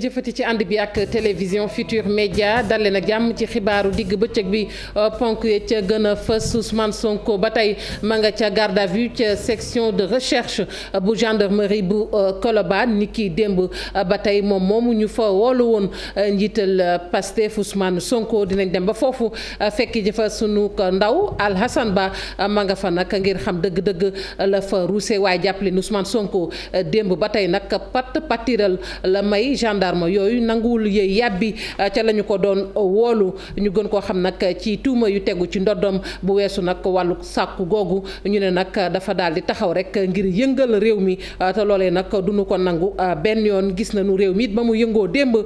jëfati ci ànd bi ak télévision Futur Média dal leen jàmm ci xibaaru digg bëccëg bi euh, ponk ya ca gën a fës Ousmane Sonko ba tey ma nga ca garde à vue ca section de recherche euh, bu gendarmerie bu euh, Colobane ni ki démb ba tey moom moomu ñu fa woolu woon njiital Pastef Ousmane Sonko dinañ dem ba foofu fekk jëfa sunu ndaw Alhassane Ba ma nga fa nag ngir xam dëgg-dëgg la fa ruuse waaye jàppale Ousmane Sonko démb ba tey nag pat patiral la may gendarme gendarme yooyu nanguwul yëy yàbbi euh, ca la ñu ko doon euh, woolu ñu gën koo xam nag ci tuuma yu tegu ci ndoddom bu weesu nag wàllu sàkku googu ñu ne nag dafa daal di taxaw rek ngir yëngal réew mi euh, te loole nag duñu ko nangu benn yoon gis nañu réew mi it ba mu yëngoo démb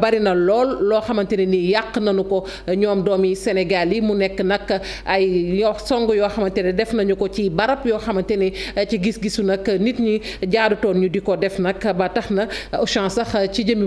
bari na lool loo xamante ne nii yàq nañu ko ñoom doomi Sénégal yi mu nekk nag ay yoo song yoo xamante ne def nañu ko ci barab yoo xamante ne ci gis-gisu nag nit ñi jaarutoon ñu di ko def nag ba tax na Auchan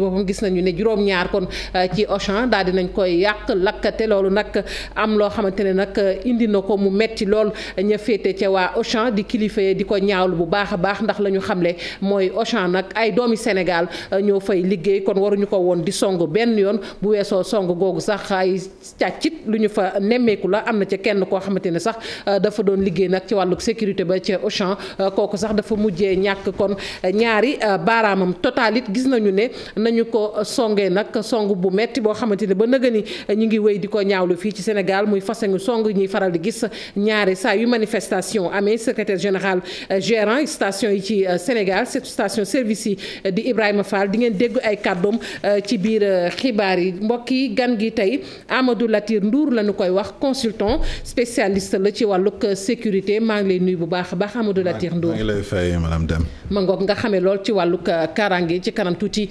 boppam gis nañu ne juróom-ñaar kon euh, ci Auchan daal di koy yàq lakkate loolu nag am loo xamante ne nag euh, indi na ko mu metti lool ña féete ca waa Auchan di kilifa di ko ñaawlu bu baax a baax ndax la ñu xamle mooy Auchan nag ay Sénégal euh, ñoo fay liggéey kon waruñu ko woon di song benn yoon bu weesoo song googu sax ay càccit lu ñu fa nemmeeku la am na ca kenn koo xamante ne sax dafa doon liggéey nag ci wàllu sécurité ba ca Auchan kooku sax dafa mujjee ñàkk kon ñaari baaraamam totalit gis nañu ne ñu ko songee nag song bu metti boo xamante ne ba nëga ñu ngi wéy di ko ñaawlu fii ci Sénégal muy façon song ñuy faral di gis ñaari saa yu manifestation amee secrétaire général gérant station yi ci euh, Sénégal station service yi euh, di Ibrahima Fall di ngeen dégg ay kàddoom euh, ci biir xibaar yi mbokk yi gan gi tey Amadou Latir nduur la ñu koy wax consultant spécialiste la ci wàllug sécurité maa ngi lay nuyu bu baax a baax Amadou Latir Ndour maa ma ngoog nga xamee lool ci wàllug kaaraange ci kanam tuuti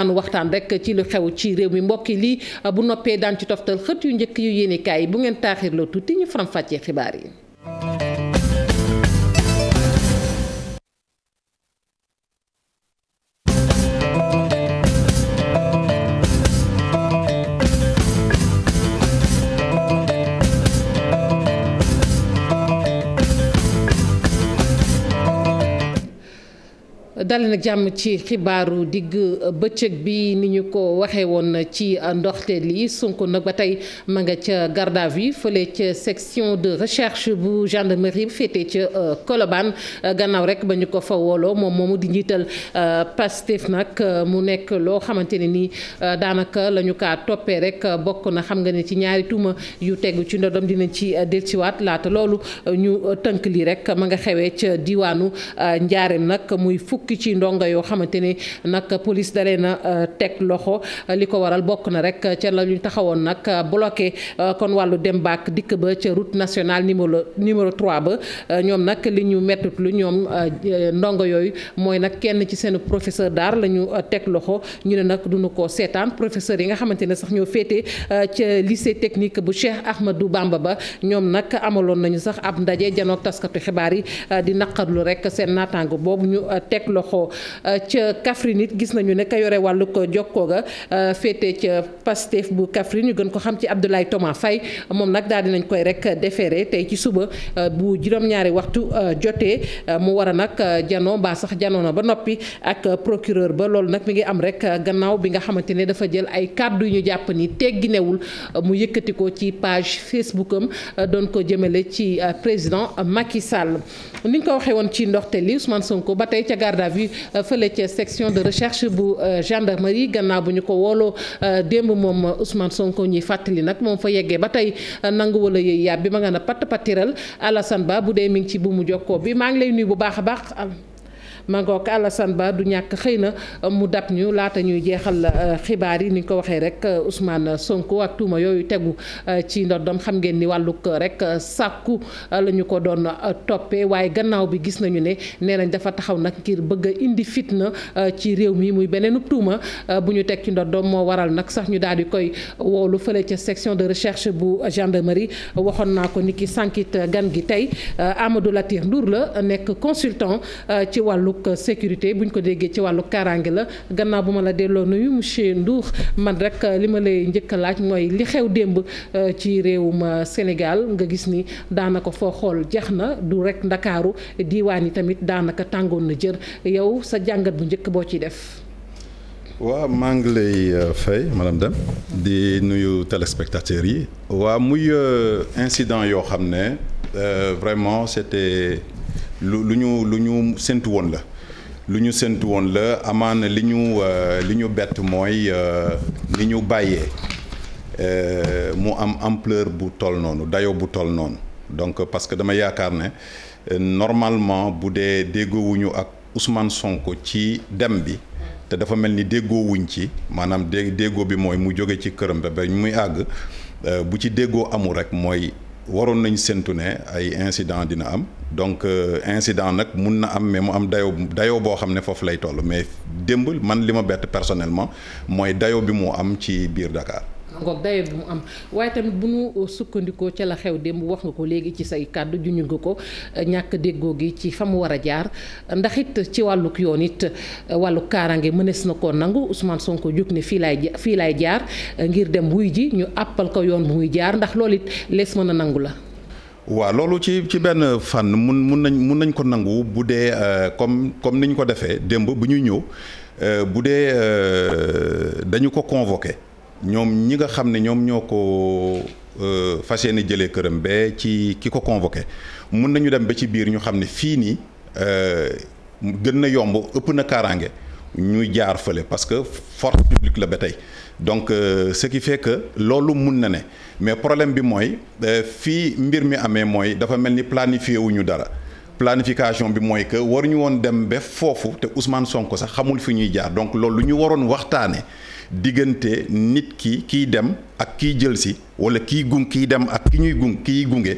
daanu waxtaan rek ci lu xew ci réew mi mbokki li bu noppee daan ci toftal xët yu njëkk yu yéenekaay yi bu ngeen taaxir la tuuti ñu faram fàccee xibaar yi dal jàmm ci xibaaru digg bëccëg bi ni ñu ko waxee woon ci ndoxteel yi Sonko nag ba tey ma nga ca garde à vue fële ca section de recherche bu gendarmerie féete ca euh, Colobane euh, gannaaw rek ba ñu ko fa wooloo moom moomu di njiital euh, Pastef nag mu nekk loo xamante ne nii daanaka lañu ñu toppee rek bokk na xam nga ne ci ñaari tuuma yu tegu ci ndodom dinañ ci delsiwaat laata loolu ñu tënk lii rek ma nga xewee ca diwaanu Njaareem nag muy fukki ci ndongo yoo xamante ni nag police dalee na euh, teg loxo li ko waral bokk na rek ca la ñu taxawoon nag bloqué euh, kon wàllu dem baak dikk ba ca route nationale numéro numéro 3 ba euh, ñoom nag li ñu mettit lu ñoom ndongo yooyu mooy nag kenn ci seen professeur daar la ñu teg loxo ñu ne nag duñu ko seetaan professeur yi nga xamante ne sax ñoo féete ca lycée technique bu Cheikh Ahmadou Bamba ba ñoom nag amaloon nañu sax ab ndaje janoog taskatu xibaar yi di naqarlu jokkoo euh, ca Kaffrine it gis nañu ne ka yore wàllu ko jokkoo ga euh, féete ca Pastef bu Kaffrine ñu gën ko xam ci Abdoulaye Thomas fay moom nag daal dinañ koy rek defeere tey ci suba euh, bu juróom-ñaari waxtu jotee mu war a nag janoo mbaa sax janoo ba noppi ak procureur ba loolu nag mi ngi am rek gannaaw bi nga xamante ne dafa jël ay kàddu yu ñu jàpp ni tegginewul mu yëkkati ko ci page Facebook am doon ko jëmale ci président Macky Sall ni ñu ko waxee woon ci ndoxte li vue euh, fële ca section de recherche bu euh, gendarmerie gannaaw bu ñu ko wooloo euh, démb moom Ousmane Sonko ñuy fàttali nag moom fa yeggee ba tey nangu wala yëy yàb bi ma nga na patt pattiral Alassane Ba bu dee mi ngi ci bu mu jokkoo bi maa ngi lay nuyu bu baax a baax. mangook Alassane Ba du ñàkk xëy na mu dab ñu laata ñuy jeexal euh, xibaar yi ni ñu ko waxee rek euh, Ousmane Sonko ak tuuma yooyu tegu euh, ci ndoddom xam ngeen ni wàllug rek sàkku lañu ko doon toppee waaye gannaaw bi gis nañu ne nee nañ dafa taxaw nag ngir bëgg a indi fitna ci réew mi muy beneen tuuma bu ñu teg ci ndoddom moo waral nag sax ñu daal di koy woolu fële ca section de recherche bu gendarmerie waxoon naa ko ni ki sànkit gan gi tey Amadou Latir Ndour la nekk consultant wàllug sécurité buñ ko déggee ci wàllu kaaraange la gannaaw bu ma la delloo nuyu monsieur Ndour man rek li ma lay njëkk a laaj mooy li xew démb euh, ci réewum euh, Sénégal nga gis ni daanaka foo xool jeex na du rek ndakaaru diiwaan yi tamit daanaka tàngoon na jër yow sa jàngat bu njëkk boo ciy def. waaw maa ngi lay euh, fay madame Deme di nuyu téléspectateurs yi. waaw muy incident yoo xam ne vraiment c'était lu ñu lu ñu séntu woon la lu ñu séntu woon la amaana li ñu euh, li ñu bett mooy li euh, ñu bàyyee euh, mu am ampleur bu toll noonu dayo bu toll noonu donc parce que dama yaakaar ne normalement bu dee déggoowuñu ak Ousmane sonk ci dem bi te dafa mel ni déggoowuñ ci maanaam dé déggoo bi mooy mu jóge ci këram ba ba muy àgg bu ci déggoo amul rek mooy waroon nañu séntu ne ay incidents dina am donc euh, incident nag mun na am mais mu am dayoo dayoo boo xam ne foofu lay toll mais démb man li ma bett personnellement mooy dayo bi mu am ci biir Dakar ngoog dayoo bi mu am waaye tamit bu ñu sukkandikoo ca la xew démb wax nga ko léegi ci say kàddu juñu nga ko eh, ñàkk déggoo gi ci fa mu war a jaar ndax it ci wàlluk yoon it eh, wàllu kaaraange mënees na koo nangu Ousmane Sonko jóg ne fii laay fii laay jaar eh, ngir dem wuy ji ñu àppal ko yoon bu muy jaar ndax loolu it lees mën a nangu la. waaw loolu ci ci benn fànn mun mun nañ mun nañ ko nangu bu dee comme comme ni ñu ko defee démb bu ñu ñëw bu dee dañu ko convoqué. ñoom ñi nga xam ne ñoom ñoo ko euh, fas ne jëlee këram ba ci ki ko convoqué mun nañu dem ba ci biir ñu xam ne fii nii euh, gën na yomb ëpp na kaaraange ñu jaar fële parce que force publique la ba tey donc euh, ce fait que loolu mun na ne mais problème bi mooy euh, fii mbir mi amee mooy dafa mel ni planifié wuñu dara planification bi mooy que waruñu woon dem ba foofu te Ousmane sonk sax xamul fi ñuy jaar donc loolu lu ñu waroon waxtaanee. diggante nit ki kiy dem ak kiy jël si wala kiy gung kiy dem ak ki ñuy gung kiy gunge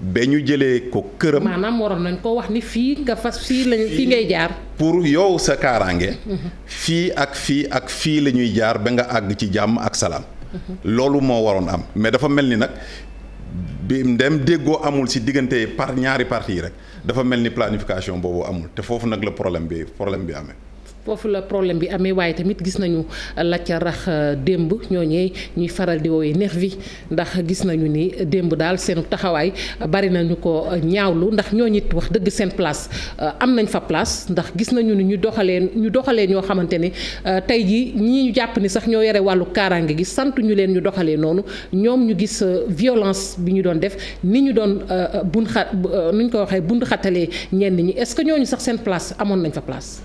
ba ñu jëlee ko këram. maanaam waroon nañ ko wax ni fii nga fas fii lañ fii ngay jaar. pour yow sa kaaraange. ak fii ak fii la ñuy jaar ba nga àgg ci jàmm ak salaam. loolu moo waroon am mais dafa mel ni nag bi ndem déggoo amul si diggante par ñaari parti yi rek dafa mel ni planification boobu amul te foofu nag la problème bi problème bi amee. foofu la problème bi amee waaye tamit gis nañu euh, la ca rax euh, démb ñooñee ñuy faral di woowee nervi ndax gis nañu ni démb daal seen taxawaay bari nañu ko ñaawlu ndax ñooñu it wax dëgg seen place euh, am nañ fa ndax gis nañu ni ñu doxalee ñu doxalee ñoo xamante ne tey jii ñii ñu jàpp ni sax ñoo yore wàllu kaaraange gi sant ñu leen ñu doxalee noonu ñoom ñu gis violence bi ñu doon def ni ñu doon bun xa nuñ ko waxee bund xatalee ñenn ñi est-ce que ñooñu sax seen place amoon nañ fa place.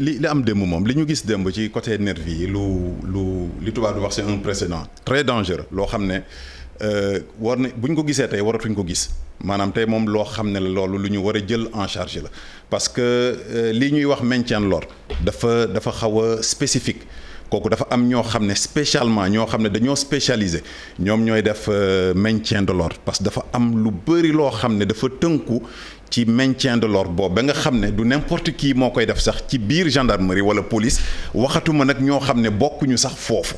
li am démb moom li ñu gis démb ci côté nervi yi lu lu li tubaab di wax c'est un précédent très dangereux loo xam ne euh, war na bu ñu ko gisee tey waratuñ ko gis maanaam tey moom loo xam ne la loolu lu ñu war a jël en charge la parce que euh, li ñuy wax maintien l'ordre dafa dafa xaw a spécifique kooku dafa am ñoo xam ne spécialement ñoo xam ne dañoo spécialisé ñoom ñooy def euh, maintien de l'ordre parce que dafa am lu bëri loo xam ne dafa tënku ci maintien de l'ordre boobu ba nga xam ne du n'importe kii moo koy def sax ci biir gendarmerie wala police waxatuma nag ñoo xam ne bokkuñu sax foofu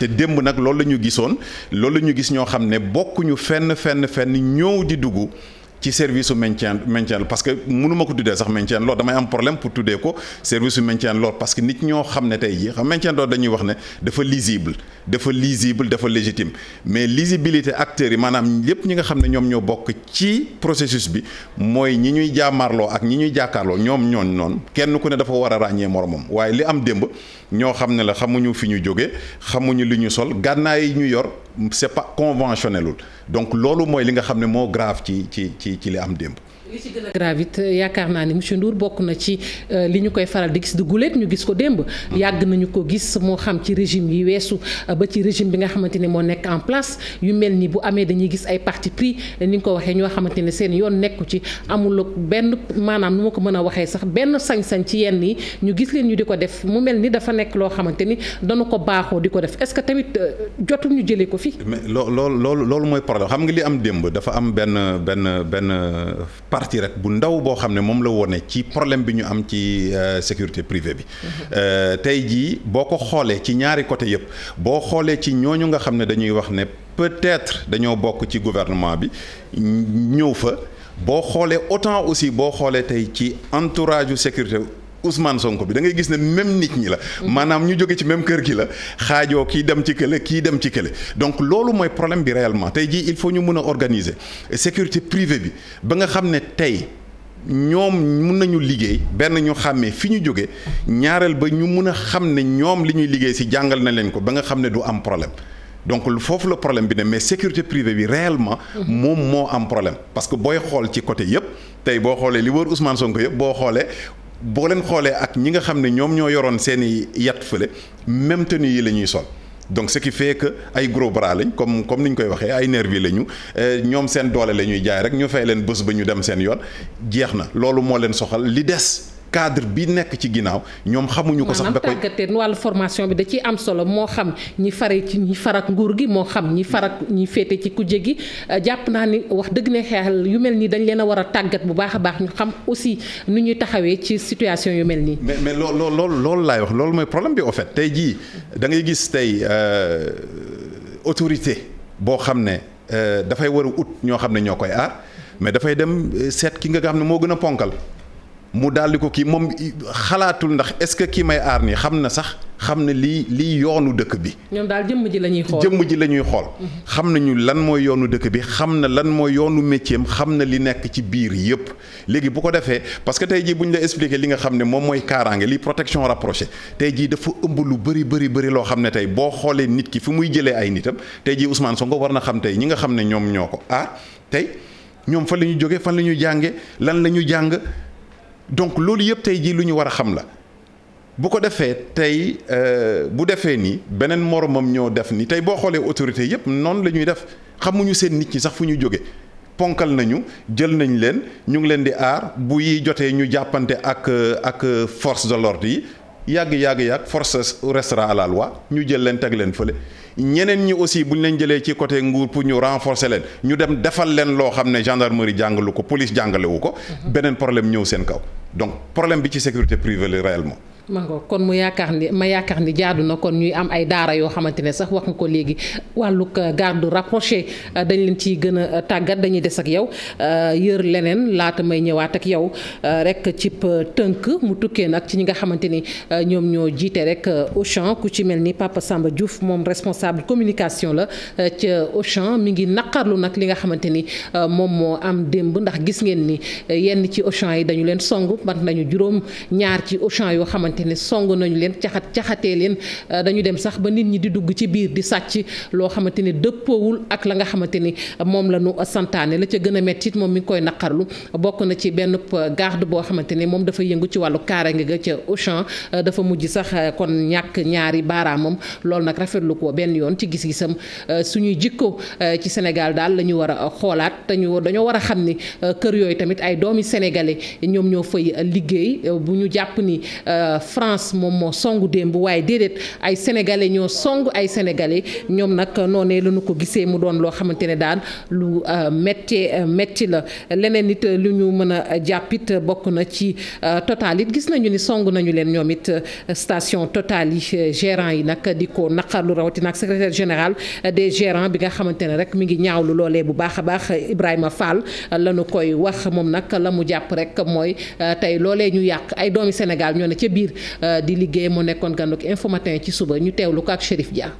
te démb nag loolu la ñu gisoon loolu la ñu gis ñoo xam ne bokkuñu fenn fenn fenn ñëw di dugg ci service su maintien maintien parce que mënuma ko tuddee sax maintien lool damay am problème pour tuddee ko service su maintien lool parce que nit ñoo xam ne tey jii xam maintien wax ne dafa lisible dafa lisible dafa légitime mais lisibilité acteurs yi maanaam yépp ñi nga xam ne ñoom ñoo bokk ci processus bi mooy ñi ñuy jaamarloo ak ñi ñuy jàkkaarloo ñoom ñooñ noonu kenn ku ne dafa war a ràññee moromam waaye li am démb ñoo xam ne la xamuñu fi ñu jóge xamuñu li ñu sol gànnaay yi ñu yor c'est pas conventionnelul donc loolu mooy li nga xam ne moo grave ci ci ci ci li am démb li ci gën a grave it yaakaar naa ni monsieur bokk na ci euh, li ñu koy faral di gis du guléet ñu gis ko démb. Mm-hmm. yàgg nañu ko gis moo xam ci régime yi weesu euh, ba ci régime bi nga xamante ne moo nekk en place yu mel ni bu amee dañuy gis ay parti pris ni nga ko waxee ñoo xamante ne seen yoon nekku ci amul benn maanaam nu ma ko mën a waxee sax benn sañ-sañ ci yenn yi ñu gis leen ñu di ko def mu mel ni dafa nekk loo xamante ni dañu ko baaxoo di ko def est-ce que tamit euh, jotul ñu jëlee ko fi. mais loolu loolu loolu mooy problème xam nga li am démb dafa am benn benn benn partie rek bu ndaw boo xam ne moom la wone ci problème bi ñu am ci euh, sécurité privée bi mm-hmm. euh, tey jii boo ko xoolee ci ñaari côté yëpp boo xoolee ci ñooñu nga xam ne dañuy wax ne peut-être dañoo bokk ci gouvernement bi ñëw fa boo xoolee autant aussi boo xoolee tey ci entourage sécurité Ousmane Sonko bi da ngay gis ne même nit ñi la. maanaam ñu jóge ci même kër gi la xaajoo kii dem ci kële kii dem ci kële donc loolu mooy problème bi réellement tey jii il faut ñu mën a organiser sécurité privée bi ba nga xam ne tey. ñoom mun nañu liggéey benn ñu xàmmee fi ñu jóge ñaareel ba ñu mun a xam ne ñoom li ñuy liggéey si jàngal na leen ko ba nga xam ne du am problème donc foofu la problème bi ne mais sécurité privée bi réellement. moom moo am problème parce que booy xool ci côté yëpp. tey boo xoolee li wër Ousmane Sonko yëpp boo xoolee boo leen xoolee ak ñi nga xam ne ñoom ñoo yoroon seen i yat fële même tenue yi la ñuy sol donc ce qui fait que ay gros bras lañ comme comme ni ñu koy waxee ay nervi la ñu euh, ñoom seen doole la ñuy jaay rek ñu fay leen bés ba ñu dem seen yoon jeex na loolu moo leen soxal li des. cadre bi nekk ci ginnaaw ñoom xamuñu ko sax da koy tàggateen wàllu formation bi da ciy am solo moo xam ñi fare ci ñi farak nguur gi moo xam ñi farak ñi féete ci kujje gi euh, jàpp naa ni wax dëgg ne xeexal yu mel nii dañ leen a war a tàggat bu baax a baax ñu xam aussi nu ñuy taxawee ci situation yu mel nii mais mais lool lool laay wax lool mooy problème bi au fait tey jii da ngay gis tey euh, autorité boo xam ne euh, dafay war ut ñoo xam ne ñoo koy aar mais dafay dem seet ki nga xam ne moo gën a ponkal mu daal di ko kii moom xalaatul ndax est-ce que kii may aar nii xam na sax xam na lii lii yoonu dëkk bi. ñoom daal jëmm ji la ñuy xool jëmm ji la ñuy xool. Mhm. xam nañu lan mooy yoonu dëkk bi xam na lan mooy yoonu métier xam na li nekk ci biir yëpp. léegi bu ko defee parce que tey jii bu ñu la expliquer li nga xam ne moom mooy kaaraange li protection rapprochée tey jii dafa ëmb lu bëri bëri bëri loo xam ne tey boo xoolee nit ki fi muy jëlee ay nitam tey jii Ousmane Sonko war na xam tey ñi nga xam ne ñoom ñoo ko aar ah, tey ñoom fan la ñuy jógee fan la ñuy jàngee lan la ñuy jàng donc loolu yëpp tey jii lu ñu war a xam la bu ko defee tey euh, bu defee ni beneen moromam ñoo def nii tey boo xoolee autorité yëpp noonu la ñuy def xamuñu seen nit ñi sax fu ñu jóge ponkal nañu jël nañ leen ñu ngi leen di aar buy jotee ñu jàppante ak ak force de l'ordre yi yàgg yàgg yàgg force restera à la ñu jël leen teg leen fële ñeneen ñi aussi bu ñu leen jëlee ci côté nguur pour ñu renforcer leen ñu dem defal leen loo xam ne gendarmerie jàngalu ko police jàngalewu ko mhm. beneen problème ñëw seen kaw donc problème bi ci sécurité privée la réellement ma nga kon mu yaakaar ni ma yaakaar ni jaadu na kon ñuy am ay daara yoo xamante ne sax wax nga ko léegi wàllug euh, garde rapproché euh, dañ leen ci gën a euh, tàggat dañuy des ak yow yër leneen laata may ñëwaat ak yow rek ci tënk mu tukkee nag ci ñi nga xamante ni ñoom ñoo jiite rek Auchan ku ci mel ni Papa Samba Diouf moom responsable communication la ca Auchan mi ngi naqarlu nag li nga xamante ni moom moo am démb ndax gis ngeen ni yenn ci Auchan yi dañu leen ne song nañu leen caxat caxatee leen euh, dañu dem sax ba nit ñi di dugg ci biir di sàcc loo xamante ne dëppoowul ak la nga xamante ni moom la ñu santaane la ca gën a métti moom mi ngi koy naqarlu bokk na ci benn euh, garde boo xamante ne moom dafa yëngu ci wàllu kaaraange ga ca Auchan euh, dafa mujj sax kon ñàkk ñaari baaraamam loolu nag rafetlu ko benn yoon ci gis-gisam suñuy jikko ci Sénégal daal la ñu war a xoolaat te ñu dañoo war a xam ni kër yooyu tamit ay doomi sénégalais ñoom ñoo fay liggéey bu ñu jàpp ni France moom moo songu démb waaye déedéet ay sénégalais ñoo song ay sénégalais ñoom nag noonee la ñu ko gisee mu doon loo xamante ne daal lu euh, métti euh, métti la leneen it euh, lu ñu mën a jàpp it bokk na ci Total it gis nañu ni song nañu leen ñoom it station Total yi gérant yi nag di ko naqarlu rawatina ak secrétaire général de gérants bi nga xamante ne rek mi ngi ñaaw lu loolee bu baax a baax Ibrahima Fall la koy wax moom nag la mu jàpp rek mooy tey loolee ñu yàq Euh, di liggéey moo nekkoon gan ak info ci suba ñu teewlu ko ak Chérif Dia.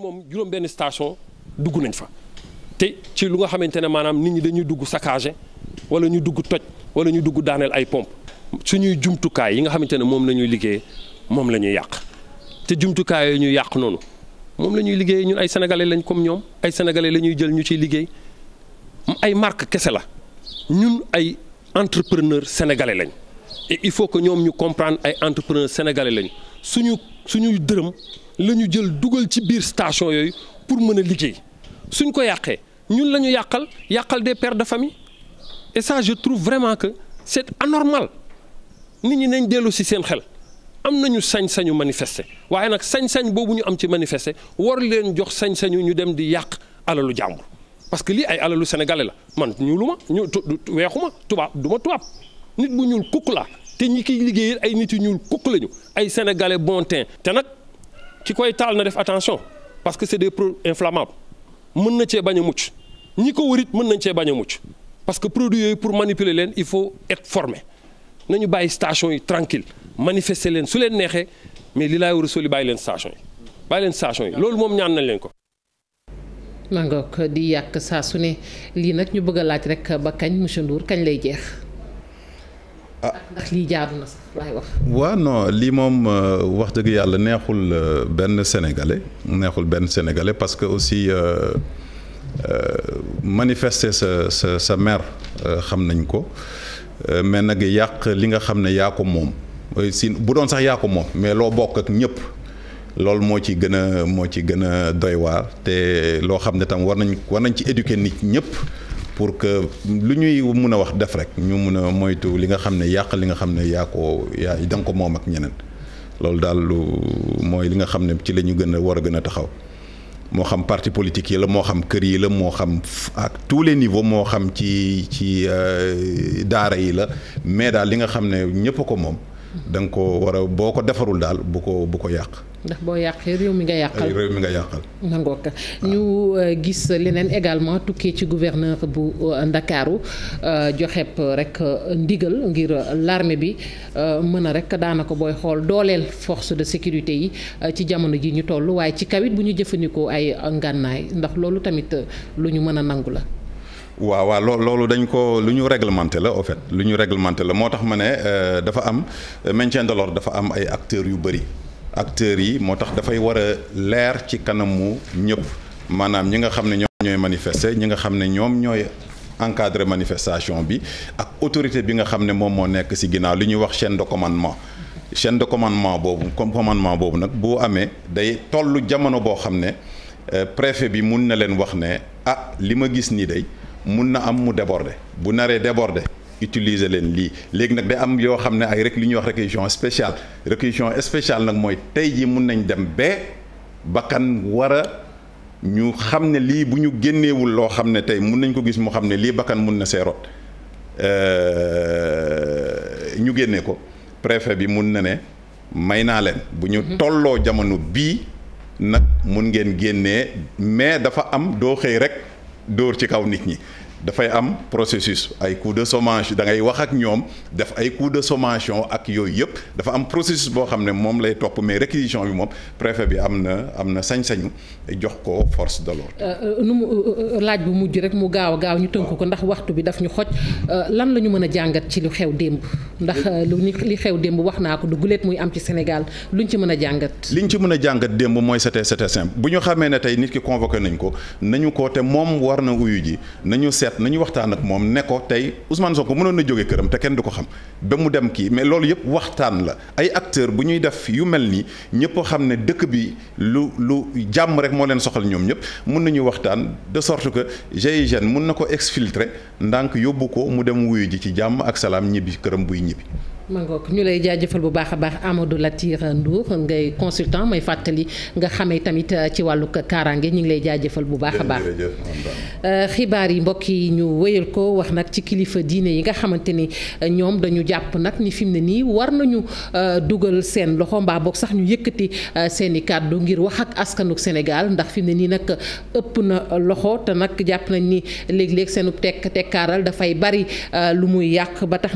moom juróom benn station dugg nañ fa te ci lu nga xamante ne maanaam nit ñi dañuy dugg saccagé wala ñu dugg toj wala ñu dugg daaneel ay pompe suñuy jumtukaay yi nga xamante ne moom la ñuy liggéey moom la ñuy yàq te jumtukaay yooyu ñuy yàq noonu moom la ñuy liggéey ñun ay sénégalais lañ comme ñoom ay sénégalais lañuy jël ñu ciy liggéey ay marque kese la ñun ay entrepreneur sénégalais lañ. il faut que ñoom ñu comprendre ay entrepreneurs sénégalais lañu suñu suñuy dërëm la ñu jël dugal ci biir station yooyu pour mën a liggéey suñ ko yàqee ñun la ñu yàqal yàqal des pères de famille et ça je trouve vraiment que c'est anormal nit ñi nañ dellu ci seen xel am nañu sañ-sañu manifester waaye nag sañ-sañ boobu ñu am ci manifester war leen jox sañ-sañu ñu dem di yàq alalu jàmbur parce que lii ay alalu sénégalais la man ñuuluma ñu weexuma tubaab du ma tubaab nit bu ñuul kukk te ñi kiy liggéeyal ay nit yu ñuul kukk lañu ay sénégalais bon teint te nag ki koy taal na def attention parce que c'est des produits inflammables mën na cee bañ a mucc ñi ko wërit mën nañ cee bañ a mucc parce que produit yooyu pour manipuler leen il faut être formé nañu bàyyi station yi tranquille manifester leen su leen neexee mais li laay war soli bàyyi leen station yi bàyyi leen station yi loolu moom ñaan nañ leen ko ma di yàq saa su ne lii nag ñu bëgg a rek ba kañ monsieur Ndour kañ lay jeex ah ndax lii lii moom euh, wax dëgg yàlla neexul euh, benn sénégalais neexul benn sénégalais parce que aussi euh, euh manifester sa sa sa mer xam nañ ko mais nag yàq li nga xam ne yaa ko moom bu doon sax yaa ko moom mais loo bokk ak ñëpp. loolu moo ci gën a moo ci gën a doy waar te loo xam ne tam war nañ war nañ ci éduquer nit ñëpp. pour que lu ñuy mun a wax def rek ñu mun a moytu li nga xam ne yàq li nga xam ne yaa ko yaa da ko moom ak ñeneen loolu daal lu mooy li nga xam ne ci la ñu gën a war a gën a taxaw moo xam parti politique yi la moo xam kër yi la moo xam ak tous les niveau moo xam ci ci euh, daara yi la mais daal li nga xam ne ñëpp ko moom da ko war a boo ko defarul daal bu ko bu ko yàq ndax boo yàqee réew mi nga yàqal réew nga yàqal. nangoo ko ah. ñu euh, gis leneen également tukkee ci gouverneur bu euh, Ndakaaru euh, joxeeb rek ndigal ngir larme bi mën a rek daanaka booy xool dooleel force de sécurité yi ci jamono ji ñu toll waaye ci kawit bu ñu jëfandikoo ay ngànnaay ndax loolu tamit lu ñu mën a nangu la. waaw waaw loolu dañ ko lu ñu réglementé la au fait lu ñu réglementé la moo tax ma ne dafa am maintien de l'ordre dafa am ay acteurs yu bëri. acteurs yi moo tax dafay war a leer ci kanamu ñëpp maanaam ñi nga xam ne ñoom ñooy manifester ñi nga xam ne ñoom ñooy encadrer manifestation bi ak autorité bi nga xam ne moom moo nekk ci ginnaaw li ñuy wax chaîne de commandement. chaîne de commandement boobu comme commandement boobu nag boo amee day tollu jamono boo xam ne euh, préfet bi mun na leen wax ne ah li ma gis nii day mun na am mu déborder bu naree déborder. utiliser leen lii léegi nag day am yoo xam ne ay rek li ñuy wax réquisition spéciale réquisition spéciale nag mooy tey ji mun nañ dem ba bakkan war a ñu xam ne lii bu ñu génneewul loo xam ne tey mun nañ ko gis mu xam ne lii bakkan mun na see rot euh, ñu génne ko préfet bi mun na ne may naa leen bu ñu mhm. tolloo jamono bii nag mun ngeen génnee mais dafa am doo xëy rek dóor ci kaw nit ñi dafay am processus ay coup de sommation da ngay wax ak ñoom def ay coup de sommation ak yooyu yëpp dafa am processus boo xam ne moom lay topp mais réquisition bi moom préfet bi am na am na sañ-sañu jox ko force de euh, euh, euh, nu mu laaj bu mujj rek mu gaaw a gaaw ñu tënk ko ndax waxtu bi daf ñu xoj lan la ñu mën a jàngat ci lu xew démb ndax lu li xew démb wax naa ko du guleet muy am ci Sénégal luñ ci mën a jàngat. liñ ci mën a jàngat démb mooy c'était c'était simple bu ñu xamee ne tey nit ki convoqué nañ ko nañu ko te moom war na uyu ji seet nañu waxtaan ak moom ne ko tey Ousmane Sonko mënoon na jóge këram te kenn du ko xam ba mu dem kii mais loolu yëpp waxtaan la ay acteur bu ñuy def yu mel nii ñëpp xam ne dëkk bi lu lu jàmm rek moo leen soxal ñoom ñëpp mun nañu waxtaan de sorte que GIGN mun na ko exfiltrer ndànk yóbbu ko mu dem wuyu ji ci jàmm ak salaam ñibbi këram buy ñibbi. ma ngoog ñu lay jaajëfal bu baax a baax Amadou Latir Ndour ngay consultant may fàttali nga xamee tamit euh, ci wàllu kaaraange ñu ngi lay jëfal bu baax a baax euh, xibaar yi mbokk yi ñu wéyal ko wax nag ci kilifa diine yi nga xamante ni euh, ñoom dañu jàpp nag ñi fi mu ne nii war nañu dugal seen loxo mbaa boog sax ñu yëkkati seen i kàddu ngir wax ak askanu Sénégal ndax fi ne nii nag ëpp na loxo te nag jàpp nañ ni léeg-léeg seenu tekk tekkaaral dafay bari lu muy yàq ba tax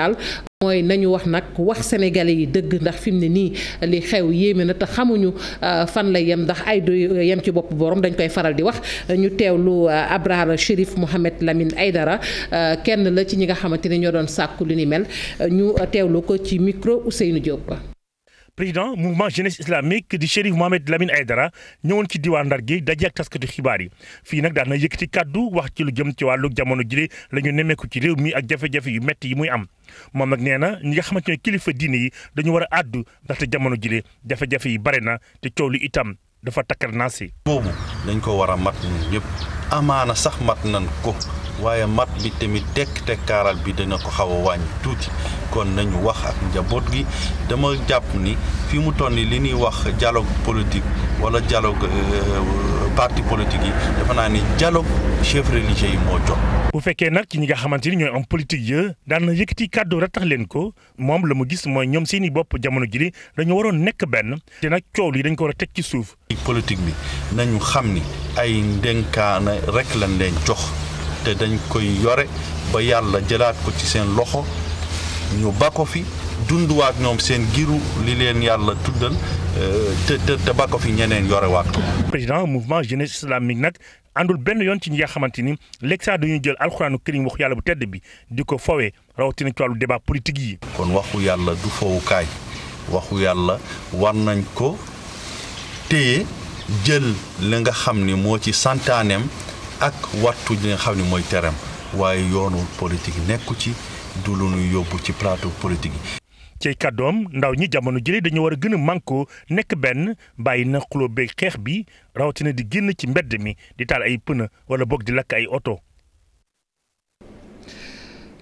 daal mooy nañu wax nag wax sénégalais yi dëgg ndax fi mu ne nii li xew yéeme na te xamuñu euh, fan la yem ndax ay do yem ci bopp boroom dañ koy faral di wax ñu teew teewlu euh, Abrahama Chérif Mohamed Lamine Aydara euh, kenn la ci ñi nga xamante ne ñoo doon sàkku lu ni mel ñu teewlu ko ci micro Ousseynou Diop. président mouvement jeunesse islamique di Chérif Mohamed Lamine Aydara ñëwoon ci diwaan Ndar gi daje ak taskati xibaar yi fii nag daan na yëkkati kàddu wax ci lu jëm ci wàllu jamono jile la ñu nemmeeku ci réew mi ak jafe-jafe yu metti yi muy am moom nag nee na ñi nga xamante ne kilifa diine yi dañu war a àddu ndaxte jamono jile jafe-jafe yi bare na te coow li itam dafa takkar naa si boobu dañ ko war a mat ñun ñëpp amaana sax mat nan ko waaye mat bi tamit tekk tekkaaral bi dina ko xaw a wàññi tuuti kon nañu wax ak njaboot gi dama jàpp ni fi mu toll ni li nuy wax dialogue politique wala dialogue euh, parti politique yi dafa naa ni dialogue chef religieux yi moo jot. bu fekkee nag ci ñi nga xamante ni ñooy am politique ya daan na yëkkati kàddu ratax leen ko moom la mu gis mooy ñoom seen i bopp jamono ji li dañu waroon nekk benn te nag coow li dañ ko war a teg ci suuf. politique bi nañu xam ni ay ndénkaane rek lañ leen jox. te dañ koy yore ba yàlla jëlaat ko ci seen loxo ñu ba ko fi dunduwaat ñoom seen giru li leen yàlla tuddal euh, te te te ba ko fi ñeneen yorewaat ko. président mouvement jeunesse islamique nag àndul benn yoon ci ñi nga xamante ni lexa dañuy jël alxuraanu kërim wax yàlla bu tedd bi di ko fowee rawatina ci wàllu débat politique yi. kon waxu yàlla du fowukaay waxu yàlla war nañ ko téye jël li nga xam ni moo ci santaaneem. ak wattu li nga xam ni mooy teram waaye yoonu politique nekku ci du lu yóbbu ci plateau politique yi. ci kàddoom ndaw ñi jamono jëlee dañu war a gën a mànkoo nekk benn bàyyi na xuloo beeg xeex bi rawatina di génn ci mbedd mi di taal ay pneu wala boog di lakk ay oto.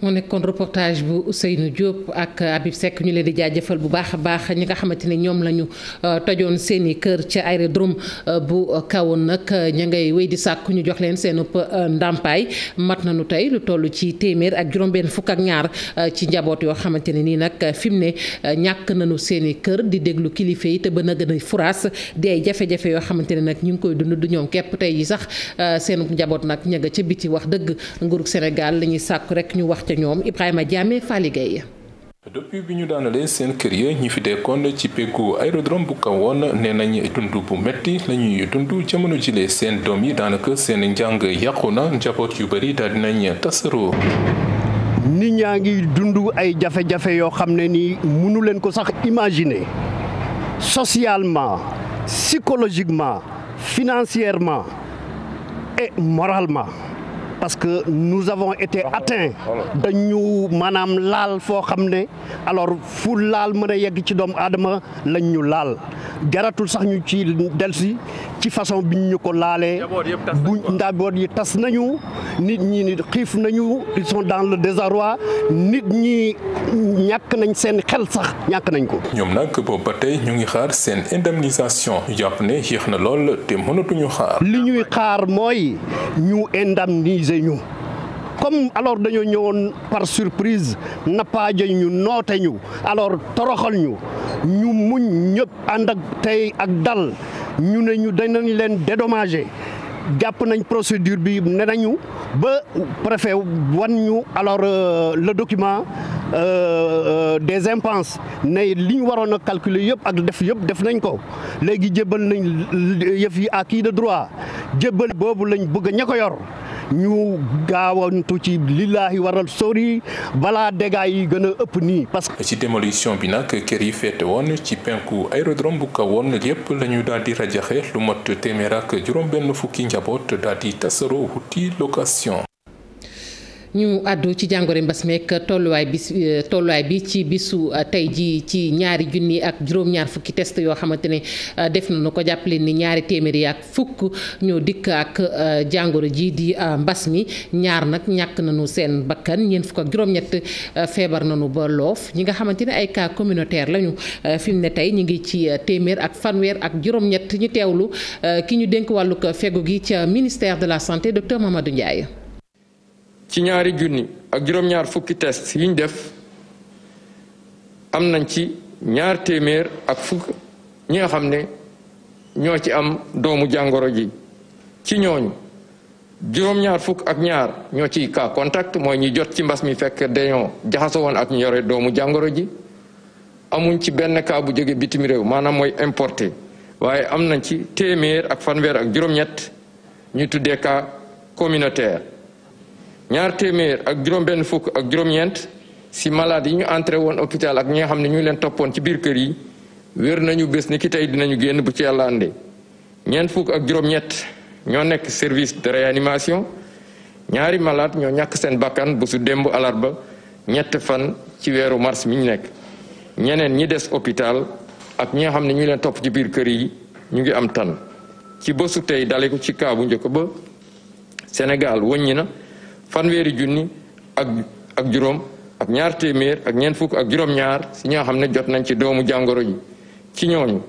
mu nekkoon reportage bu Ousseynou Diop ak Habib Seck ñu leen di jaajëfal bu baax a baax ñi nga xamante ne ñoom la ñu euh, tojoon seen i kër ca aérodrome euh, bu kawoon nag ña ngay wéy di sàkk ñu jox leen seen euh, ndàmpaay mat nañu tey lu toll ci téeméer ak juróom fukk ak ñaar ci njaboot yoo xamante ne nii nag fi mu ne ñàkk nañu seen kër di déglu kilifa yi te ba na gën a furaas di ay yoo xamante ne nag ñu ngi koy dund du ñoom képp tey yi sax seen njaboot nag ña nga ca biti wax dëgg nguurug Sénégal la sàkku rek ñu wax te ñoom Ibrahima Diame Faly Gueye depuis bi ñu daanalee seen kër ya ñi fi dekkoon ci peggu aérodrome bu Kahone nee nañ dund bu métti la ñuy dund jamono jile seen doom yi daanaka seen njàng yàqu na njaboot yu bëri daal dinañ tasaroo. nit ñaa ngi dund ay jafe-jafe yoo xam ne nii mënu leen ko sax imagine socialement psychologiquement financièrement et moralement. parce que nous avons été atteints dañu maanaam laal foo xam ne alors fu laal mën a yegg ci doomu aadama lañ ñu laal jaratul sax ñu ci delsi ci façon bi ñu ko laalee bu njaboot yi tas nañu nit ñi nit xiif nañu ils sont dans le désarroi nit ñi ñàkk nañ seen xel sax ñàkk nañ ko ñoom nag boobu ba tey ñu ngi xaar seen indemnisation ñu jàpp ne yéex na lool te mënatuñu xaar li ñuy xaar mooy ñu indemniser paralyser ñu comme alors dañoo ñëwoon par surprise nappaaje ñu noote ñu alors toroxal ñu ñu muñ ñëpp ànd ak tey ak dal ñu ne ñu dañ nañu leen dédommager jàpp nañ procédure bi ne nañu ba préfet wan ñu alors euh, le document Euh, euh, des impanse ne li waroon a calculer yëpp ak def yëpp def nañ ko léegi jébbal nañ yëf yi kii de droit jébbal boobu lañ bëgg ña ko yor ñu gaawantu ci lillaahi waral sori balaa dégâts yi gën a ëpp nii parce que. ci démolition bi nag kër yi féete woon ci penku aérodrome bu kawoon lépp la ñu daal di rajaxe lu mot téeméer ak juróom-benn fukki njaboot daal di tasaroo wuti location. ñu àddu ci jàngoro mbas meek tolluwaay bi euh, tolluwaay bi ci bisu euh, tey ji ci ñaari junni ak juróom-ñaar fukki test yoo xamante ne euh, def na nu ko jàppale ni ñaari téeméeri ak fukk ñoo dikk ak jàngoro ji di mbas mi ñaar nag ñàkk nañu seen bakkan ñeent fukk ak juróom-ñett feebar nañu ba loof ñi nga xamante ne ay cas communautaire lañu fi mu ne tey ñu ngi ci téeméer ak fanweer ak juróom-ñett ñu teewlu ki ñu dénk wàllug fegu gi ca ministère de la santé docteur Mamadou Ndiaye. ci ñaari junni ak juróom-ñaar fukki test yi ñu def am nañ ci ñaar téeméer ak fukk ñi nga xam ne ñoo ci am doomu jàngoro ji ci ñooñu juróom-ñaar fukk ak ñaar ñoo ci cas contact mooy ñi jot ci mbas mi fekk dañoo jaxasoo woon ak ñu yore doomu jàngoro ji amuñ ci benn cas bu jóge bitim réew maanaam mooy importé waaye am nañ ci téeméer ak fanweer ak juróom-ñett ñu tuddee ka communautaire ñaar téeméer ak juróom-benn fukk ak juróom-ñeent si malade yi ñu entré woon hôpital ak ñi nga xam ne ñu leen toppoon ci biir kër yi wér nañu bés ni ki tey dinañu génn bu ci yàlla àndee ñeent fukk ak juróom-ñett ñoo nekk service de réanimation ñaari malade ñoo ñàkk seen bakkan bu su démb ba ñett fan ci weeru mars mi ñu nekk ñeneen ñi des hôpital ak ñi nga xam ne ñu leen topp ci biir kër yi ñu ngi am tan ci bésu tey dale ko ci kaabu njëkk ba Sénégal wëññi na fanweeri junni ak ak juróom ak ñaar téeméer ak ñeent fukk ak juróom-ñaar si ñoo xam ne jot nañ ci doomu jàngoro ji ci ñooñu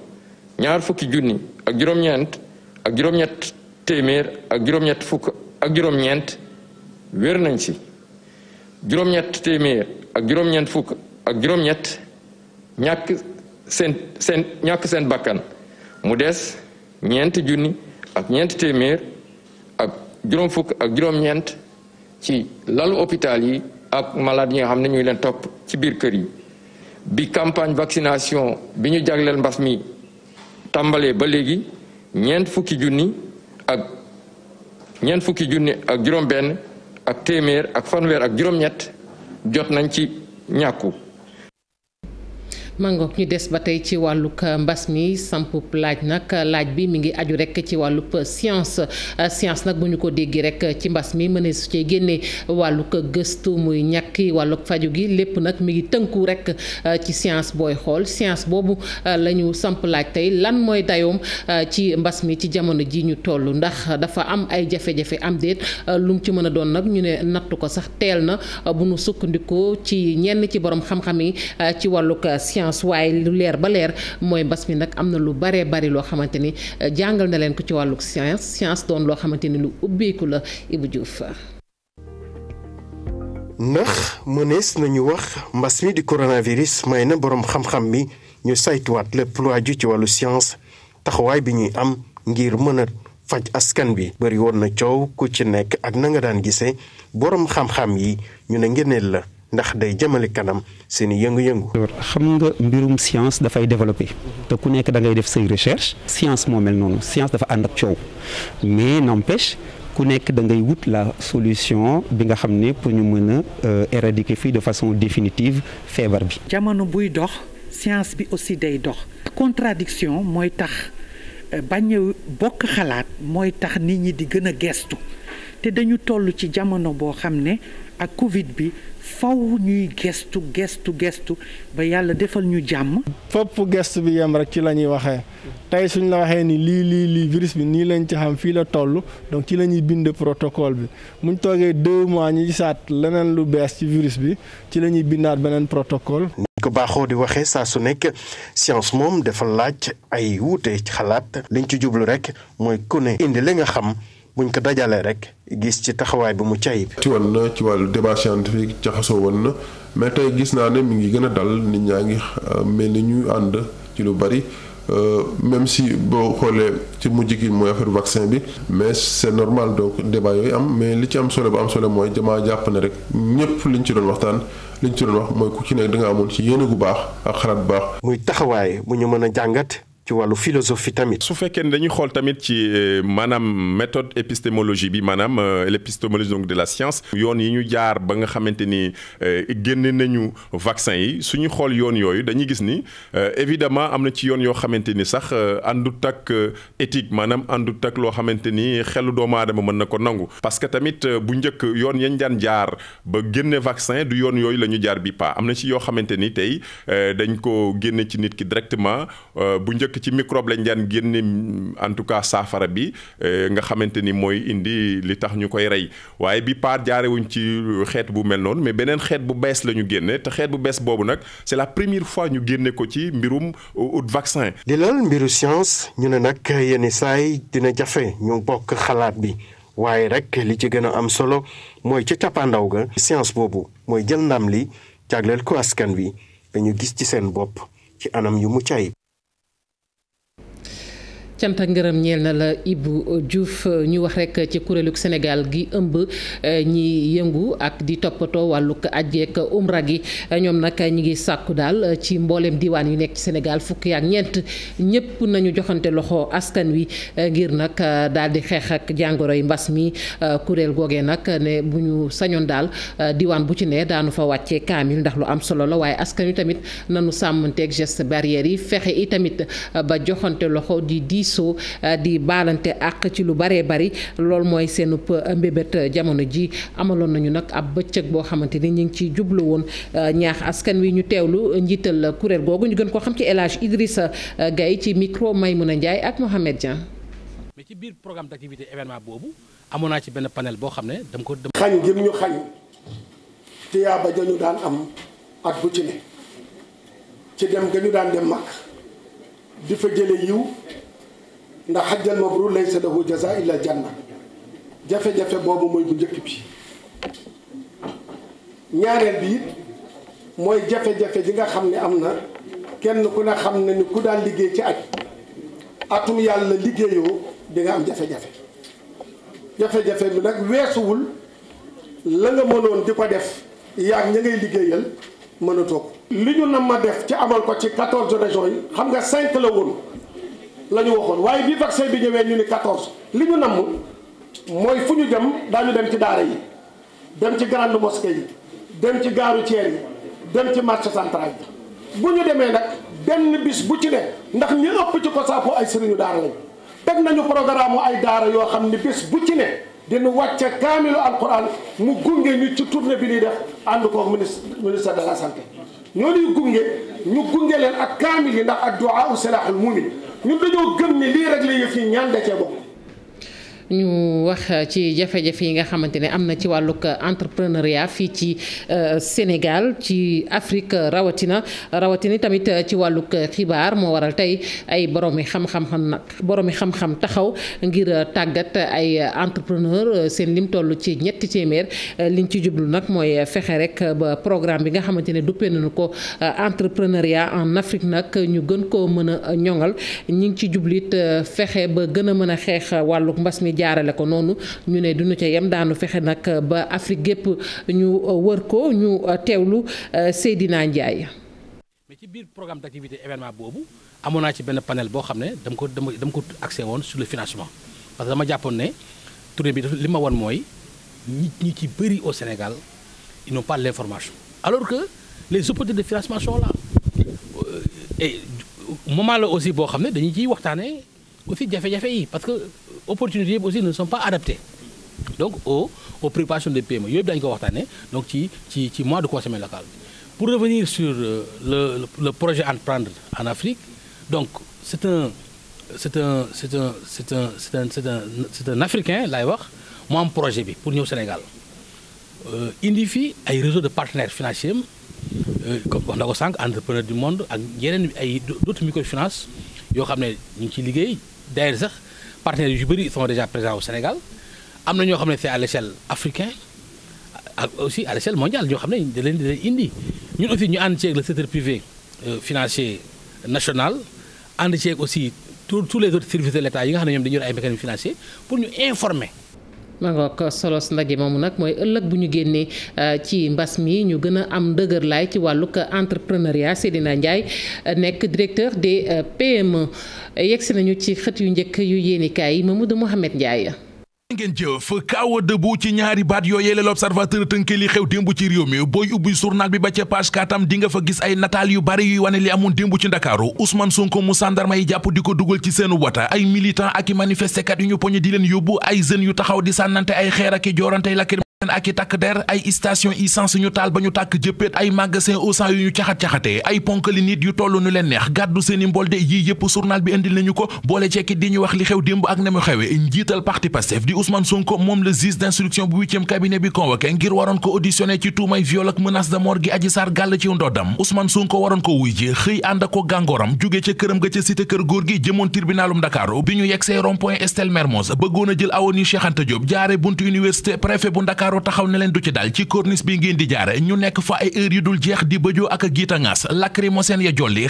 ñaar fukki junni ak juróom-ñeent ak juróom-ñett ak juróom fukk ak juróom-ñeent wér nañ si juróom-ñett téeméer ak juróom-ñeent fukk ak juróom-ñett seen seen bakkan mu des ñeent junni ak ñeent téeméer ak juróom fukk ak juróom-ñeent ci lalu hôpital yi ak malade yi xam ne ñuy leen topp ci biir kër yi bi campagne vaccination bi ñu jagleel mbas mi tàmbalee ba léegi ñeent fukki junni ak ñeent fukki junni ak juróom benn ak téeméer ak fanweer ak juróom-ñett jot nañ ci ñàkku mangook ñu des ba tey ci wàllug euh, mbas mi sampub laaj nag laaj bi mi ngi aju rek ci wàllub science euh, science nag bu ñu ko déggee rek ci mbas mi mënee su cee génnee wàllug gëstu muy ñàkki wàllug faju gi lépp nag mi ngi tënku rek euh, ci science booy xool science boobu la ñu samp tey lan mooy dayoom ci mbas mi ci jamono ji ñu toll ndax dafa am ay jafe-jafe am déet lu ci mën a doon nag ñu ne nattu ko sax teel na bu nu sukkandikoo ci ñenn ci borom xam-xam yi ci wàllug science waaye lu leer ba leer mooy mbas mi nag am na lu baree bari loo xamante ni euh, jàngal na leen ko ci wàllu science science doon loo xamante ni lu ubbeeku la Ibou ndax mënees nañu wax mbas mi di coronavirus may na boroom xam-xam bi ñu saytuwaat lépp lu ju ci wàllu science taxawaay bi ñuy am ngir mën a faj askan bi bëri woon na coow ku ci nekk ak na nga daan gisee boroom xam-xam yi ñu ne ngeneel la ndax day jëmale kanam seen i yëngu-yëngu. xam nga mbirum science dafay développé te ku nekk dangay def say recherche science moo mel noonu science dafa ànd ak coow mais n'empêche ku nekk da ngay wut la solution bi nga xam ne pour ñu mën a euh, éradiquer fii de façon définitive feebar bi. jamono buy dox science bi aussi day dox. contradiction mooy tax euh, bañ bokk xalaat mooy tax nit ñi di gën a gestu te dañu toll ci jamono boo xam ne. ak Covid bi faw ñuy gestu gestu gestu ba yàlla defal ñu jàmm. fopp gestu bi yam rek ci la ñuy waxee tey suñ la waxee ni lii lii lii virus bi nii lañ ci xam fii la toll donc ci la ñuy bind protocole bi muñ toogee deux mois ñu gisaat leneen lu bees ci virus bi ci la ñuy bindaat beneen protocole. ko baaxoo di waxee saa su nekk science moom defal laaj ay wuute ci xalaat liñ ci jublu rek mooy ku ne indi li nga xam. buñ ko dajalee rek gis ci taxawaay bi mu cayib. ci woon ci wàllu débat scientifique jaxasoo woon na mais tey gis naa ne mi ngi gën a dal nit ñaa ngi mel ni ñu ànd ci lu bari. Euh, même si boo xoolee ci mujj gi mooy affaire vaccin bi mais c'est normal donc débat yooyu am mais li ci am solo bu am solo mooy jamaa jàpp ne rek ñëpp liñ ci doon waxtaan liñ ci doon wax mooy ku ci nekk da nga amoon ci yéene gu baax ak xalaat bu baax. muy taxawaay bu ñu mën a jàngat. ci wàllu philosophie tamit. su fekkee ne dañuy xool tamit ci euh, maanaam méthode épistémologie bi maanaam euh, l'épistémologie donc de la science. yoon yi ñu jaar ba nga xamante ni euh, génne nañu vaccin yi su ñu xool yoon yooyu dañuy gis ni évidemment am na ci yoon yoo xamante ni sax àndut ak éthique maanaam àndut ak loo xamante ni xelu doomu aadama mën na ko nangu. parce que tamit bu njëkk yoon yañ daan jaar ba génne vaccin du yoon yooyu la ñu jaar bi pas am na ci yoo xamante ni tey dañ ko génne ci nit ki directement bu njëkk njëkk ci microbe lañ daan génne en tout cas saafara bi eh, nga xamante ni mooy indi li tax ñu koy rey waaye bi paar jaarewuñ ci xeet bu mel noonu mais beneen xeet bu bees la ñu génne te xeet bu bees boobu nag c'est la première fois ñu génne ko ci mbirum euh, ut vaccin. di lal mbiru science ñu ne nag yenn saay dina jafe ñu bokk xalaat bi. waaye rek li ci gën a am solo mooy ca cappaandaw ga science boobu mooy jël ndam li jagleel ko askan wi dañu gis ci seen bopp ci anam yu mucc cant ak ngërëm ñeel na la Ibou Diouf ñu wax rek ci kuréelug senegal gi ëmb eh, ñi yëngu ak di toppatoo wàllug aj ak umra gi ñoom nag ñi ngi sàkku daal ci mbooleem diwaan yu nekk ci Sénégal fukki ak ñeent ñëpp nañu joxante loxo askan wi eh, ngir nag eh, daal di xeex ak jàngoro jàngoroy mbas mi kuréel googee nag ne bu ñu sañoon daal diwaan bu ci ne daanu fa wàccee kaamil ndax lu am solo la waaye askan wi tamit nanu sàmmanteeg geste barrière yi fexe i tamit ba joxante diisoo eh, di baalante àq ci lu baree bari loolu mooy seenu eh, mbébét eh, jamono ji amaloon nañu nag ab bëccëg boo xamante ni ñu ngi ciy jublu woon ñaax askan wi ñu teewlu njiital kuréel googu ñu gën ko xam ci El Hadj Idrissa Gaye ci micro Maymouna Ndiaye ak Mohamed Dieng. mais ci biir programme d'activité événement boobu amoon naa ci benn panel boo xam ne dama ko. xañ gi ñu xañ tiyaaba ja ñu daan am at bu ne ci dem ga ñu daan dem màkk di fa jële yiw ndax xajjal mabrur laysa lahu jaza illa janna jafe-jafe boobu mooy bu njëkk bi ñaareel bi it mooy jafe-jafe ji nga xam ne am na kenn ku ne xam ne ni ku daan liggéey ci aj atum yàlla liggéeyoo dinga am jafe-jafe jafe-jafe bi nag weesuwul la nga mënoon di ko def yaag ña ngay liggéeyal mën a li ñu na ma def ci amal ko ci quatorze régions yi xam nga cinq la woon la ñu waxoon waaye bi vaccin bi ñëwee ñu ni 14 li ñu namm mooy fu ñu dem daañu dem ci daara yi dem ci grande mosquée yi dem ci gaaru Thiès yi dem ci marché central bi bu ñu demee nag benn bis bu ci ne ndax ñu ëpp ci COSAPO ay sëriñu daara lañu teg nañu programme ay daara yoo xam ni bis bu ci ne dina wàcce kaamilu alquran mu gunge ñu ci tournée bi ñuy def ànd koog ministre ministère de la santé ñoo ñuy gunge ñu gunge leen ak kaamil yi ndax ak duwaa u salaaxul ñun dañoo gëm ne lii rek la yëf yi ñaan da cee bokk ñu wax euh, ci jafe-jafe yi nga xamante ne am na ci wàllug euh, entrepreneuriat fii ci euh, Sénégal ci Afrique rawatina rawatina tamit ci wàllug xibaar moo waral tey ay boroomi xam-xam nag boroomi xam-xam taxaw ngir tàggat ay entrepreneur seen lim toll ci ñetti téeméer liñ ci jublu nag mooy fexe rek ba programme bi nga xamante ne duppee nañu ko entrepreneuriat en Afrique nag ñu gën koo mën a ñoŋal ñi ngi ci jublit fexe ba gën a mën a xeex wàllug mbas mi jaarale ko noonu ñu ne duñu ca yem daanu fexe nag ba Afrique gépp ñu euh, wër ko ñu euh, teewlu euh, Seydina Ndiaye. mais ci biir programme d'activité événement boobu amoon naa ci benn panel boo xam ne dama ko dama dama ko accès woon sur le financement parce que dama jàppoon ne tournée bi li ma wan mooy nit ñi ci bëri au Sénégal ils n'ont pas l'information alors que les opportunités de financement sont là aussi boo xam ne dañu ciy waxtaanee aussi jafe-jafe yi parce que opportunités yëpp aussi ne sont pas adaptées donc aux aux préoccupations des PME yooyu dañu ko waxtaanee donc ci ci ci mois de consommation locale pour revenir sur euh, le le, le projet entreprendre en Afrique donc c'est un c'est un c'est un c'est un un c'est un c'est Africain laay wax mu am projet bi pour ñëw Sénégal euh, indi fi ay réseau de partenaires financier euh, comme wax na sànq entrepreneur du monde ak yeneen ay d'autres microfinance yoo xam ne ñu ngi ciy liggéey d'ailleurs sax partenaires yu bëri sont déjà présents au Sénégal am na ñoo xam ne c'est à l'échelle africaine ak aussi à l'échelle mondiale ñoo xam ne da leen di indi ñun aussi ñu ànd ceeg le secteur privé euh, financier national ànd ceeg aussi tous tous les autres services de l'État yi nga xam ne ñoom dañu yor ay mécanismes financiers pour ñu informer ma ngoog solos ndaje moomu nag mooy ëllëg bu ñu génnee euh, ci mbas mi ñu gën a am ndëgër laay ci wàllug entrepreneuriat Seydina Ndiaye euh, nekk directeur des euh, PME yegsi nañu ci xët yu njëkk yu yéenikaay yi Mamadou Mouhamed ya ngeen jëf kaawa dëbu ci ñaari baat yooyee la l'observateur tënke li xew démb ci réew mi booy ubbi journal bi ba ca page katam di nga fa gis ay nataal yu bari yuy wane li amoon démb ci ndakaaru Ousmane Sonko mu sàndarma yi jàpp di ko dugal ci seen wata ay militan ak i manifestekat yu ñu di leen yóbbu ay jeunes yu taxaw di sànnante ay xeer ak i joorante la ak i takk der ay station essence ñu taal ba ñu tàkk jëppéet ay magasin au sang yu ñu caxat-caxatee ay ponkali nit yu toll nu leen neex gàddu seeni mbolde yii yëpp journal bi indil nañu ko boole cekkit di ñu wax li xew démb ak ne mu xewe njiital parti Pastef di Ousmane Sonko moom la juge d'instruction bu huitième cabinet bi convoqué ngir waroon ko auditionné ci tuumay viol ak menace de gi Adji Sarr gàll ci ndoddam Ousmane Sonko waroon ko wuy ji xëy ga ca cité kër góor bi ñu yegg see rond-point Estelle ndakaaru taxaw ne leen du ci dal ci corniche bi ngeen di jaare ñu nekk fa ay heure yu dul jeex di bëjoo ak a giit a ŋaas lacrymogène ya jolli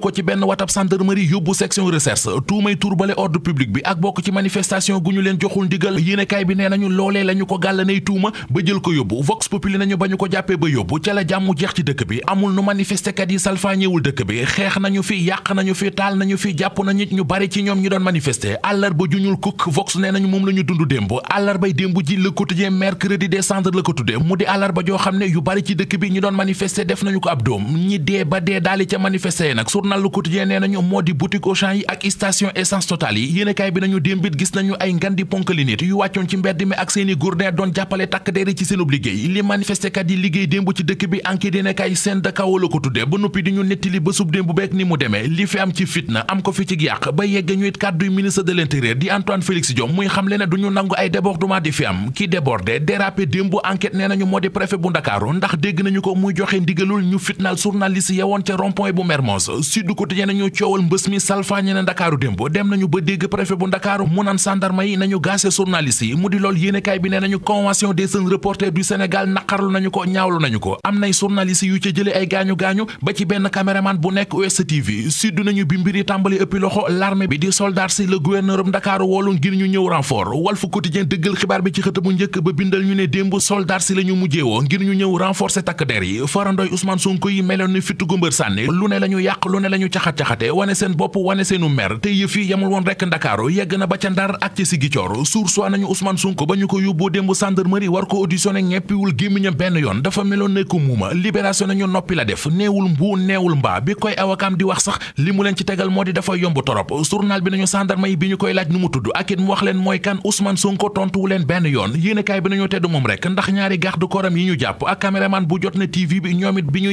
ko ci benn watab gendarmerie yóbbu section recherche tuumay turbale ordre public bi ak bokk ci manifestation gu ñu leen joxul ndigal yéenekaay bi nee nañu loolee la ñu ko gàllanay tuuma ba jël ko yóbbu vox populi nañu ba ñu ko jàppee ba yóbbu ca la jàmm jeex ci dëkk bi amul nu manifestekat yi salfaañewul dëkk bi xeex nañu fi yàq nañu fi taal nañu fi jàpp nañu ñu bari ci ñoom ñu doon manifester àllarba juñul cook vox nee nañu moom la ñu dund démb àllarbay démb ji la ko tudde mu di àllarba joo xam ne yu bari ci dëkk bi ñu doon manifester def nañu ko ab doom ñi dee ba dee daali ca manifester yi nag journal le quotidien nee nañu moo di boutique Auchan yi ak station essence Total yi yéenekaay bi nañu démbit gis nañu ay ngandi ponkali nit yu wàccoon ci mbedd mi ak seeni gourdin doon jàppale takk deri ci seenub liggéey li manifestekat yi liggéey démb ci dëkk Antoine Félix Diome muy xamle ne duñu nangu ay débordement di démb enquête nee nañu moo di préfet bu Ndakaaru ndax dégg nañu ko muy joxe ndigalul ñu fitnaal journaliste yewoon ca rond-point bu Mermoz Sud Quotidien nañu coowal mbës mi salfaañe ne Ndakaaru démb dem nañu ba dégg préfet bu Ndakaaru mu naan yi nañu gaase journaliste mu di lool yéenekaay bi nee nañu convention des jeunes naqarlu nañu ko ñaawlu nañu ko am nay journaliste yu ca jële ay gaañu-gaañu woolu ngir ñu ñëw renfort Walf Quotidien dëggal xibaar bi ci xët bu njëkk ba bindal ñu ne démb soldaar si la ñu mujjeewoo ngir ñu ñëw renforcer takk der yi farandoy Ousmane Sonko yi meloon ni fitt gumbër sànni lu ne la ñu yàq lu ne la ñu caxat-caxate wane seen bopp wane seenu mer te yëf yi yamul woon rekk Ndakaaru yegg na ba ca Ndar ak ci Sigicoor sursoi nañu Ousmane Sonko ba ñu ko yóbboo démb gendarmerie war ko auditionné ñeppiwul gémmiñam benn yoon dafa meloon ne ko muuma libération nañu noppi la def neewul mbuu neewul mbaa bi koy awakaam di wax sax li mu leen ci tegal moo di dafa yomb torop journal bi nañu gendarme yi bi ñu koy laaj nu mu tudd tontu ak mu wax mooy kan Ousmane Sonko tontuwu leen benn yoon yéenekaay bi nañoo tedd moom rek ndax ñaari garde corps yi ñu jàpp ak caméraman bu jot na TV bi ñoom ñu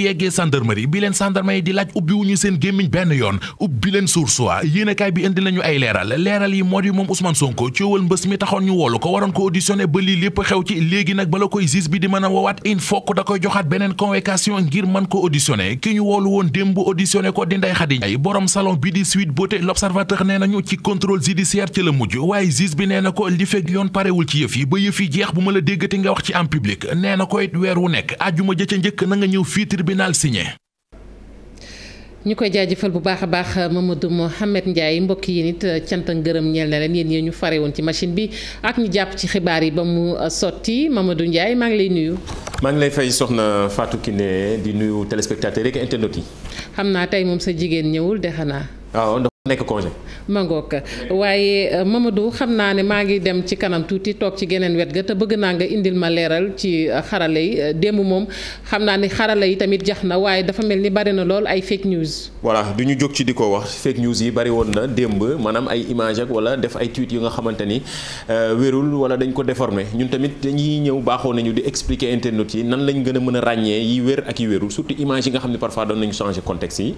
yéenekaay bi indi nañu ay leeral leeral yi moo di moom Ousmane Sonko coowal mbës mi taxoon ñu woolu ko waroon ko auditionné ba lii lépp xew ci léegi nag bala koy gis bi di mën a woowaat in fokk da koy joxaat beneen convocation ngir mën ko auditionné ki ñu woolu woon démb auditionné ko di Ndeye Khady Ndiaye borom salon bi di mujj waaye juge bi nee na ko li fekk yoon parewul ci yëf yi ba yëf yi jeex bu ma la déggati nga wax ci en public nee na ko weer wu nekk àjjuma ja ca njëkk na nga ñëw fii tribunal signé. ñu koy jaajëfal bu baax a baax Mamadou du Ndiaye mbokk yi nit cant ngërëm ñeel na leen yen yéen ñu fare woon ci machine bi ak ñu jàpp ci xibaar yi ba mu sotti Mamadou Ndiaye maa ngi lay nuyu. maa ngi lay fay soxna Fatou Kiné di nuyu téléspectateur rek internet yi. xam nekk congé. mangook waaye euh, Mamadou xam naa ne maa ngi dem ci kanam tuuti toog ci geneen wet ga te bëgg naa nga indil ma leeral ci euh, xarala yi euh, démb moom xam naa ne xarala yi tamit jax na waaye dafa mel ni bari na lool ay fake news. voilà du ñu jóg ci di ko wax fake news yi bari woon na démb maanaam ay image ak wala def ay tweet yu nga xamante ni wérul wala dañ ko déformé ñun tamit dañuy ñëw baaxoo nañu di expliquer internet yi nan lañ gën a mën a ràññee yi wér ak yi wérul nga xam ne parfois doon nañu changer contexte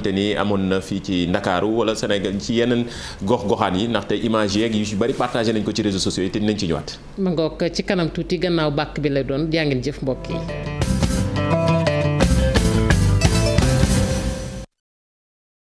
xamante ni amoon na fii ci Ndakaaru wala Sénégal ci yeneen gox-goxaan yi ndaxte image yeeg yu bari partagé nañ ko ci réseaux sociaux yi te dinañ ci ñëwaat. ma ngoog ci kanam tuuti gannaaw bàkk bi lay doon jaa ngeen jëf mbokk yi.